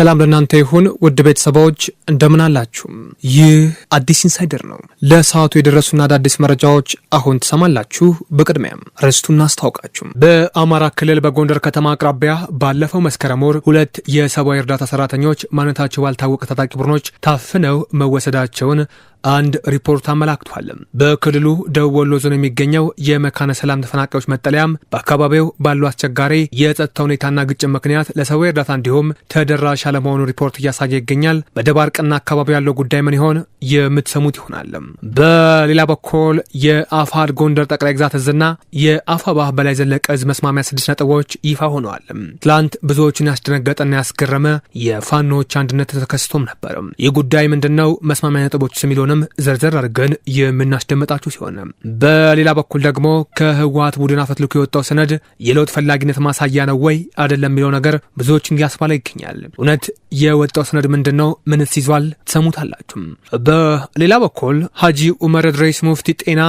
ሰላም ለእናንተ ይሁን ውድ ቤተሰቦች እንደምን አላችሁ? ይህ አዲስ ኢንሳይደር ነው። ለሰዓቱ የደረሱና አዳዲስ መረጃዎች አሁን ትሰማላችሁ። በቅድሚያም ርዕስቱን አስታውቃችሁ በአማራ ክልል በጎንደር ከተማ አቅራቢያ ባለፈው መስከረም ወር ሁለት የሰብአዊ እርዳታ ሰራተኞች ማንነታቸው ባልታወቀ ታጣቂ ቡድኖች ታፍነው መወሰዳቸውን አንድ ሪፖርት አመላክቷል። በክልሉ ደቡብ ወሎ ዞን የሚገኘው የመካነ ሰላም ተፈናቃዮች መጠለያም በአካባቢው ባለው አስቸጋሪ የጸጥታ ሁኔታና ግጭት ምክንያት ለሰው እርዳታ እንዲሁም ተደራሽ አለመሆኑ ሪፖርት እያሳየ ይገኛል። በደባርቅና አካባቢው ያለው ጉዳይ ምን ይሆን የምትሰሙት ይሆናል። በሌላ በኩል የአፋድ ጎንደር ጠቅላይ ግዛት እዝና የአፋባህ በላይ ዘለቀ እዝ መስማሚያ ስድስት ነጥቦች ይፋ ሆነዋል። ትላንት ብዙዎችን ያስደነገጠና ያስገረመ የፋኖዎች አንድነት ተከስቶም ነበርም። ይህ ጉዳይ ምንድን ነው? መስማሚያ ነጥቦች የሚለው ሁኔታውንም ዘርዘር አድርገን የምናስደመጣችሁ ሲሆን በሌላ በኩል ደግሞ ከህወሀት ቡድን አፈትልኮ የወጣው ሰነድ የለውጥ ፈላጊነት ማሳያ ነው ወይ አይደለም የሚለው ነገር ብዙዎችን እያስባለ ይገኛል። እውነት የወጣው ሰነድ ምንድን ነው? ምንስ ይዟል? ትሰሙታላችሁ። በሌላ በኩል ሀጂ ኡመር ድሬስ ሙፍቲ ጤና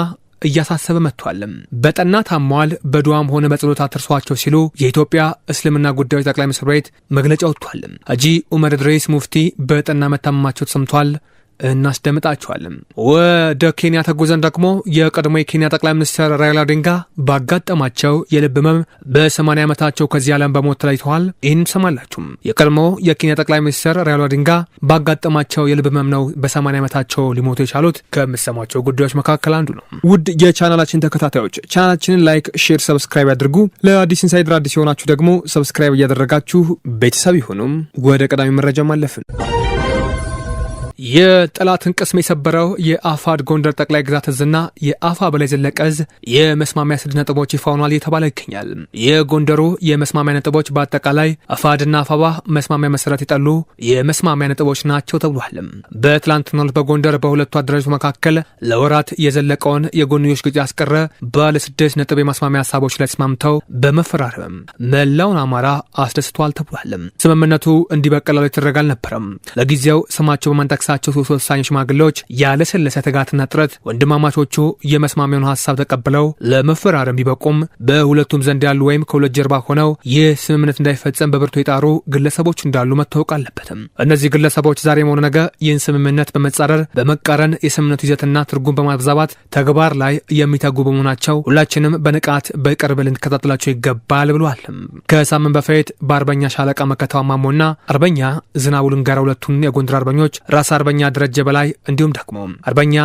እያሳሰበ መጥቷል። በጠና ታሟል፣ በዱዋም ሆነ በጸሎት አትርሷቸው ሲሉ የኢትዮጵያ እስልምና ጉዳዮች ጠቅላይ ምክር ቤት መግለጫ ወጥቷል። ሀጂ ኡመር ድሬስ ሙፍቲ በጠና መታመማቸው ተሰምቷል። እናስደምጣችኋለን። ወደ ኬንያ ተጉዘን ደግሞ የቀድሞ የኬንያ ጠቅላይ ሚኒስትር ራይላ ኦዲንጋ ባጋጠማቸው የልብ ህመም በ80 ዓመታቸው ከዚህ ዓለም በሞት ተለይተዋል። ይህን ሰማላችሁም። የቀድሞ የኬንያ ጠቅላይ ሚኒስትር ራይላ ኦዲንጋ ባጋጠማቸው የልብ ህመም ነው በ80 ዓመታቸው ሊሞቱ የቻሉት። ከምሰማቸው ጉዳዮች መካከል አንዱ ነው። ውድ የቻናላችን ተከታታዮች ቻናላችንን ላይክ፣ ሼር፣ ሰብስክራይብ ያድርጉ። ለአዲስ ኢንሳይድር አዲስ የሆናችሁ ደግሞ ሰብስክራይብ እያደረጋችሁ ቤተሰብ ይሁኑም። ወደ ቀዳሚ መረጃ ማለፍን የጠላትን ቅስም የሰበረው የአፋድ ጎንደር ጠቅላይ ግዛት እዝና የአፋ በላይ ዘለቀ እዝ የመስማሚያ ስድ ነጥቦች ይፋ ሆኗል እየተባለ ይገኛል። የጎንደሩ የመስማሚያ ነጥቦች በአጠቃላይ አፋድና አፋባ መስማሚያ መሰረት የጠሉ የመስማሚያ ነጥቦች ናቸው ተብሏል። በትላንትናው ዕለት በጎንደር በሁለቱ አደራጆች መካከል ለወራት የዘለቀውን የጎንዮሽ ግጭት አስቀረ ባለ ነጥብ የማስማሚያ ሀሳቦች ላይ ተስማምተው በመፈራረም መላውን አማራ አስደስቷል ተብሏል። ስምምነቱ እንዲህ በቀላሉ የተደረገ አልነበረም። ለጊዜው ስማቸው በማንጠቅሳ የሚያነሳቸው ሶስት ወሳኝ ሽማግሌዎች ያለሰለሰ ትጋትና ጥረት ወንድማማቾቹ የመስማሚያውን ሀሳብ ተቀብለው ለመፈራረም ቢበቁም በሁለቱም ዘንድ ያሉ ወይም ከሁለት ጀርባ ሆነው ይህ ስምምነት እንዳይፈጸም በብርቱ የጣሩ ግለሰቦች እንዳሉ መታወቅ አለበትም። እነዚህ ግለሰቦች ዛሬ መሆኑ ነገ ይህን ስምምነት በመጻረር በመቃረን የስምምነቱ ይዘትና ትርጉም በማብዛባት ተግባር ላይ የሚተጉ በመሆናቸው ሁላችንም በንቃት በቅርብ ልንከታተላቸው ይገባል ብሏል። ከሳምንት በፊት በአርበኛ ሻለቃ መከታው ማሞና አርበኛ ዝናቡ ልንጋራ ሁለቱን የጎንደር አርበኞች ራስ አርበኛ ደረጀ በላይ እንዲሁም ደግሞ አርበኛ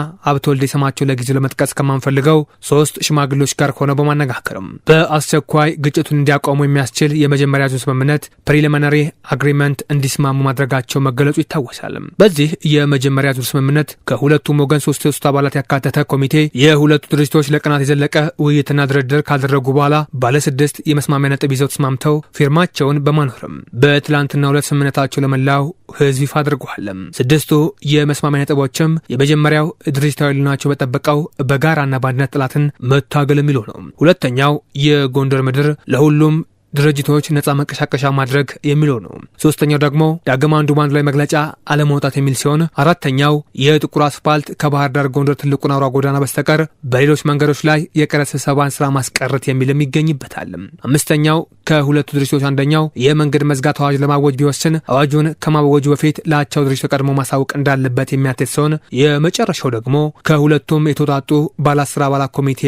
ወልደ የሰማቸው ለጊዜው ለመጥቀስ ከማንፈልገው ሶስት ሽማግሌዎች ጋር ሆነው በማነጋገርም በአስቸኳይ ግጭቱን እንዲያቆሙ የሚያስችል የመጀመሪያ ዙር ስምምነት ፕሪሊሚናሪ አግሪመንት እንዲስማሙ ማድረጋቸው መገለጹ ይታወሳል። በዚህ የመጀመሪያ ዙር ስምምነት ከሁለቱም ወገን ሶስት ሶስት አባላት ያካተተ ኮሚቴ የሁለቱ ድርጅቶች ለቀናት የዘለቀ ውይይትና ድርድር ካደረጉ በኋላ ባለስድስት የመስማሚያ ነጥብ ይዘው ተስማምተው ፊርማቸውን በማኖርም በትላንትና ሁለት ስምምነታቸው ለመላው ህዝብ ይፋ አድርገዋል። ስድስቱ የመስማሚያ ነጥቦችም የመጀመሪያው ድርጅታዊ ልናቸው በጠበቀው በጋራና በአንድነት ጥላትን መታገል የሚለው ነው። ሁለተኛው የጎንደር ምድር ለሁሉም ድርጅቶች ነጻ መንቀሳቀሻ ማድረግ የሚለው ነው። ሶስተኛው ደግሞ ዳግም አንዱ በአንድ ላይ መግለጫ አለመውጣት የሚል ሲሆን አራተኛው የጥቁር አስፋልት ከባህር ዳር ጎንደር ትልቁን አውራ ጎዳና በስተቀር በሌሎች መንገዶች ላይ የቀረ ስብሰባን ስራ ማስቀረት የሚልም ይገኝበታል። አምስተኛው ከሁለቱ ድርጅቶች አንደኛው የመንገድ መዝጋት አዋጅ ለማወጅ ቢወስን አዋጁን ከማወጁ በፊት ለአቻው ድርጅት ቀድሞ ማሳወቅ እንዳለበት የሚያትት ሲሆን የመጨረሻው ደግሞ ከሁለቱም የተውጣጡ ባለ አባላት ኮሚቴ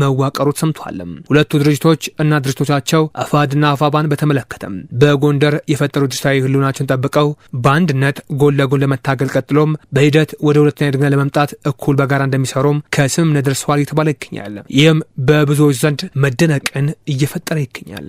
መዋቀሩ ሰምቷል። ሁለቱ ድርጅቶች እና ድርጅቶቻቸው አፋድና አፋባን በተመለከተም በጎንደር የፈጠሩ ድርጅታዊ ህልውናቸውን ጠብቀው በአንድነት ጎን ለጎን ለመታገል ቀጥሎም በሂደት ወደ ሁለተኛ ድግና ለመምጣት እኩል በጋራ እንደሚሰሩም ከስምምነት ደርሰዋል እየተባለ ይገኛል። ይህም በብዙዎች ዘንድ መደነቅን እየፈጠረ ይገኛል።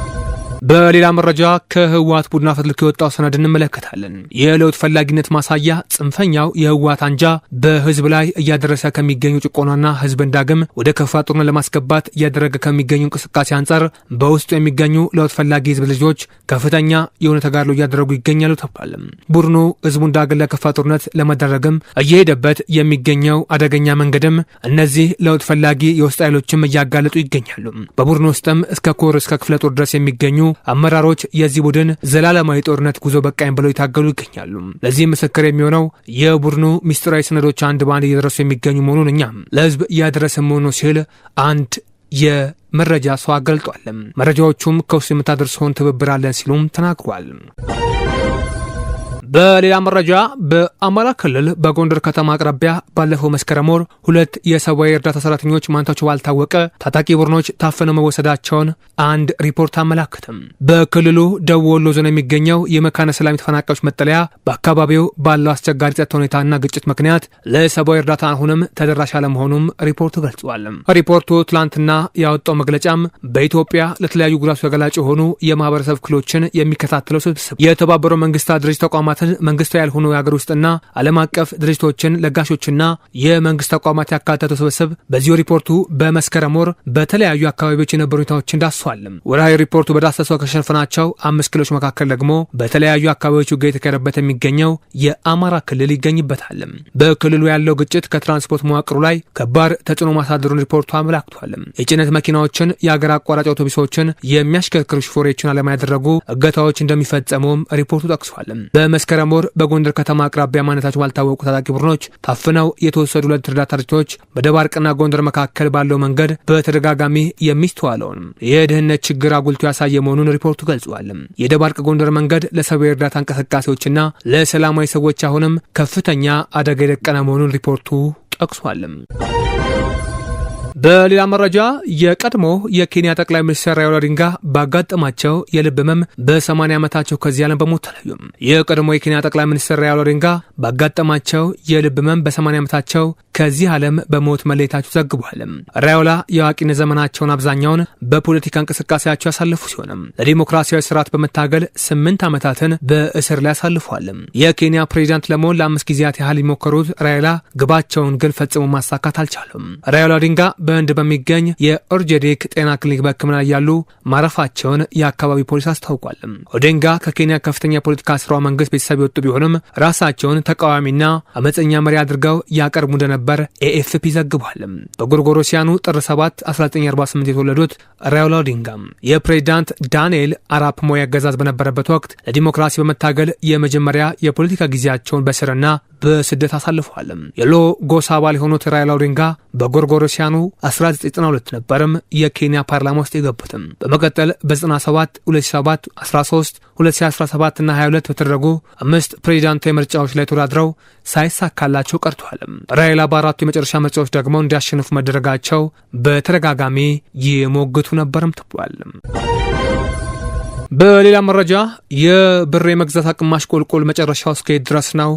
በሌላ መረጃ ከህወሓት ቡድን ፍትልክ የወጣው ሰነድ እንመለከታለን። የለውጥ ፈላጊነት ማሳያ ጽንፈኛው የህወሓት አንጃ በህዝብ ላይ እያደረሰ ከሚገኙ ጭቆናና ህዝብን ዳግም ወደ ከፋ ጦርነት ለማስገባት እያደረገ ከሚገኙ እንቅስቃሴ አንጻር በውስጡ የሚገኙ ለውጥ ፈላጊ ህዝብ ልጆች ከፍተኛ የሆነ ተጋድሎ እያደረጉ ይገኛሉ ተብሏል። ቡድኑ ህዝቡን ዳግም ለከፋ ጦርነት ለመደረግም እየሄደበት የሚገኘው አደገኛ መንገድም እነዚህ ለውጥ ፈላጊ የውስጥ ኃይሎችም እያጋለጡ ይገኛሉ። በቡድኑ ውስጥም እስከ ኮር እስከ ክፍለ ጦር ድረስ የሚገኙ አመራሮች የዚህ ቡድን ዘላለማዊ ጦርነት ጉዞ በቃኝ ብለው የታገሉ ይገኛሉ። ለዚህ ምስክር የሚሆነው የቡድኑ ሚስጥራዊ ሰነዶች አንድ በአንድ እየደረሱ የሚገኙ መሆኑን እኛም ለህዝብ እያደረሰ መሆኑ ሲል አንድ የመረጃ ሰው አገልጧል። መረጃዎቹም ከውስጥ የምታደርሰውን ትብብር አለን ሲሉም ተናግሯል። በሌላ መረጃ በአማራ ክልል በጎንደር ከተማ አቅራቢያ ባለፈው መስከረም ወር ሁለት የሰብአዊ እርዳታ ሰራተኞች ማንነታቸው ባልታወቀ ታጣቂ ቡድኖች ታፍነው መወሰዳቸውን አንድ ሪፖርት አመላክትም። በክልሉ ደቡብ ወሎ ዞን የሚገኘው የመካነ ሰላም የተፈናቃዮች መጠለያ በአካባቢው ባለው አስቸጋሪ ጸጥታ ሁኔታና ግጭት ምክንያት ለሰብአዊ እርዳታ አሁንም ተደራሽ አለመሆኑም ሪፖርቱ ገልጿል። ሪፖርቱ ትላንትና ያወጣው መግለጫም በኢትዮጵያ ለተለያዩ ጉዳቱ ተገላጭ የሆኑ የማህበረሰብ ክፍሎችን የሚከታተለው ስብስብ የተባበረው መንግስታት ድርጅት ተቋማት መንግስታዊ ያልሆኑ የሀገር ውስጥና ዓለም አቀፍ ድርጅቶችን፣ ለጋሾችና የመንግስት ተቋማት ያካተተው ስብስብ በዚሁ ሪፖርቱ በመስከረም ወር በተለያዩ አካባቢዎች የነበሩ ሁኔታዎችን ዳስሷል። ወርሃዊ ሪፖርቱ በዳሰሰው ከሸንፈናቸው አምስት ክልሎች መካከል ደግሞ በተለያዩ አካባቢዎች ውጊያ የተካሄደበት የሚገኘው የአማራ ክልል ይገኝበታል። በክልሉ ያለው ግጭት ከትራንስፖርት መዋቅሩ ላይ ከባድ ተጽዕኖ ማሳደሩን ሪፖርቱ አመላክቷል። የጭነት መኪናዎችን፣ የአገር አቋራጭ አውቶቡሶችን የሚያሽከርክሩ ሹፌሮችን ዓላማ ያደረጉ እገታዎች እንደሚፈጸሙም ሪፖርቱ ጠቅሷል። መስከረም ወር በጎንደር ከተማ አቅራቢያ ማንነታቸው ባልታወቁ ታጣቂ ቡድኖች ታፍነው የተወሰዱ ሁለት እርዳታ ድርጅቶች በደባርቅና ጎንደር መካከል ባለው መንገድ በተደጋጋሚ የሚስተዋለውን የድህነት ችግር አጉልቶ ያሳየ መሆኑን ሪፖርቱ ገልጿል። የደባርቅ ጎንደር መንገድ ለሰብአዊ እርዳታ እንቅስቃሴዎችና ለሰላማዊ ሰዎች አሁንም ከፍተኛ አደጋ የደቀነ መሆኑን ሪፖርቱ ጠቅሷል። በሌላ መረጃ የቀድሞ የኬንያ ጠቅላይ ሚኒስትር ራይላ ኦዲንጋ ባጋጠማቸው የልብ ህመም በ80 ዓመታቸው ከዚህ ዓለም በሞት ተለዩም። የቀድሞ የኬንያ ጠቅላይ ሚኒስትር ራይላ ኦዲንጋ ባጋጠማቸው የልብ ህመም በ80 ዓመታቸው ከዚህ ዓለም በሞት መለየታቸው ዘግቧል። ራዮላ የአዋቂነት ዘመናቸውን አብዛኛውን በፖለቲካ እንቅስቃሴያቸው ያሳለፉ ሲሆንም ለዲሞክራሲያዊ ስርዓት በመታገል ስምንት ዓመታትን በእስር ላይ አሳልፏል። የኬንያ ፕሬዚዳንት ለመሆን ለአምስት ጊዜያት ያህል የሞከሩት ራዮላ ግባቸውን ግን ፈጽሞ ማሳካት አልቻሉም። ራዮላ ኦዲንጋ በህንድ በሚገኝ የኦርጀዴክ ጤና ክሊኒክ በህክምና ያሉ ማረፋቸውን የአካባቢው ፖሊስ አስታውቋል። ኦዴንጋ ከኬንያ ከፍተኛ የፖለቲካ ስራዋ መንግስት ቤተሰብ የወጡ ቢሆንም ራሳቸውን ተቃዋሚና አመፀኛ መሪ አድርገው ያቀርቡ እንደነበር ኤኤፍፒ ዘግቧል። በጎርጎሮሲያኑ ጥር 7 1948 የተወለዱት ራዮላ ኦዲንጋ የፕሬዚዳንት ዳንኤል አራፕ ሞይ አገዛዝ በነበረበት ወቅት ለዲሞክራሲ በመታገል የመጀመሪያ የፖለቲካ ጊዜያቸውን በስርና በስደት አሳልፈዋል። የሎ ጎሳ አባል የሆኑት ራይላ ኦዲንጋ በጎርጎሮሲያኑ 1992 ነበርም የኬንያ ፓርላማ ውስጥ የገቡትም። በመቀጠል በ97 2007 13 2017 እና 22 በተደረጉ አምስት ፕሬዚዳንታዊ ምርጫዎች ላይ ተወዳድረው ሳይሳካላቸው ቀርቷል። ራይላ በአራቱ የመጨረሻ ምርጫዎች ደግሞ እንዲያሸንፉ መደረጋቸው በተደጋጋሚ ይሞግቱ ነበርም ተብሏል። በሌላ መረጃ የብር የመግዛት አቅም ማሽቆልቆል መጨረሻው እስከ ድረስ ነው።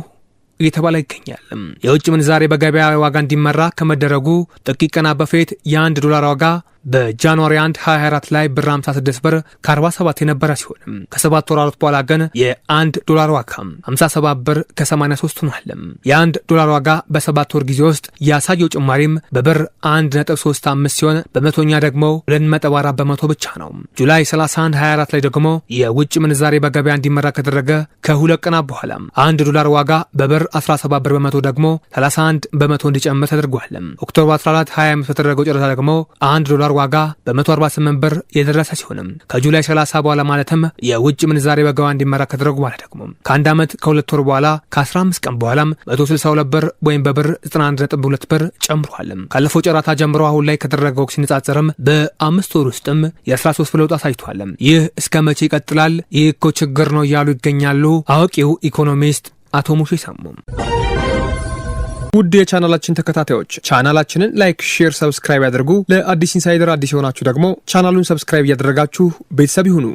እየተባለ ይገኛል። የውጭ ምንዛሬ በገበያ ዋጋ እንዲመራ ከመደረጉ ጥቂት ቀናት በፊት የአንድ ዶላር ዋጋ በጃንዋሪ 1 24 ላይ ብር 56 ብር ከ47 የነበረ ሲሆንም ከሰባት ወራት በኋላ ግን የአንድ ዶላር ዋጋ 57 ብር ከ83 ሆኗል። የአንድ ዶላር ዋጋ በሰባት ወር ጊዜ ውስጥ ያሳየው ጭማሪም በብር 1.35 ሲሆን በመቶኛ ደግሞ 2.4 በመቶ ብቻ ነው። ጁላይ 31 24 ላይ ደግሞ የውጭ ምንዛሬ በገበያ እንዲመራ ከደረገ ከሁለት ቀናት በኋላ አንድ ዶላር ዋጋ በብር 17 ብር በመቶ ደግሞ 31 በመቶ እንዲጨምር ተደርጓል። ኦክቶበር 14 25 በተደረገው ጨረታ ደግሞ አንድ ዶላር ዋጋ በ148 ብር የደረሰ ሲሆንም ከጁላይ 30 በኋላ ማለትም የውጭ ምንዛሬ በገባ እንዲመራ ከተደረጉ በኋላ ደግሞ ከአንድ ዓመት ከሁለት ወር በኋላ ከ15 ቀን በኋላም 162 ብር ወይም በብር 91.2 ብር ጨምሯል። ካለፈው ጨራታ ጀምሮ አሁን ላይ ከተደረገው ሲነጻጸርም በአምስት ወር ውስጥም የ13 ብር ለውጥ አሳይቷልም። ይህ እስከ መቼ ይቀጥላል? ይህ እኮ ችግር ነው እያሉ ይገኛሉ አዋቂው ኢኮኖሚስት አቶ ሙሴ ሰሙ። ውድ የቻናላችን ተከታታዮች ቻናላችንን ላይክ፣ ሼር፣ ሰብስክራይብ ያድርጉ። ለአዲስ ኢንሳይደር አዲስ የሆናችሁ ደግሞ ቻናሉን ሰብስክራይብ እያደረጋችሁ ቤተሰብ ይሁኑ።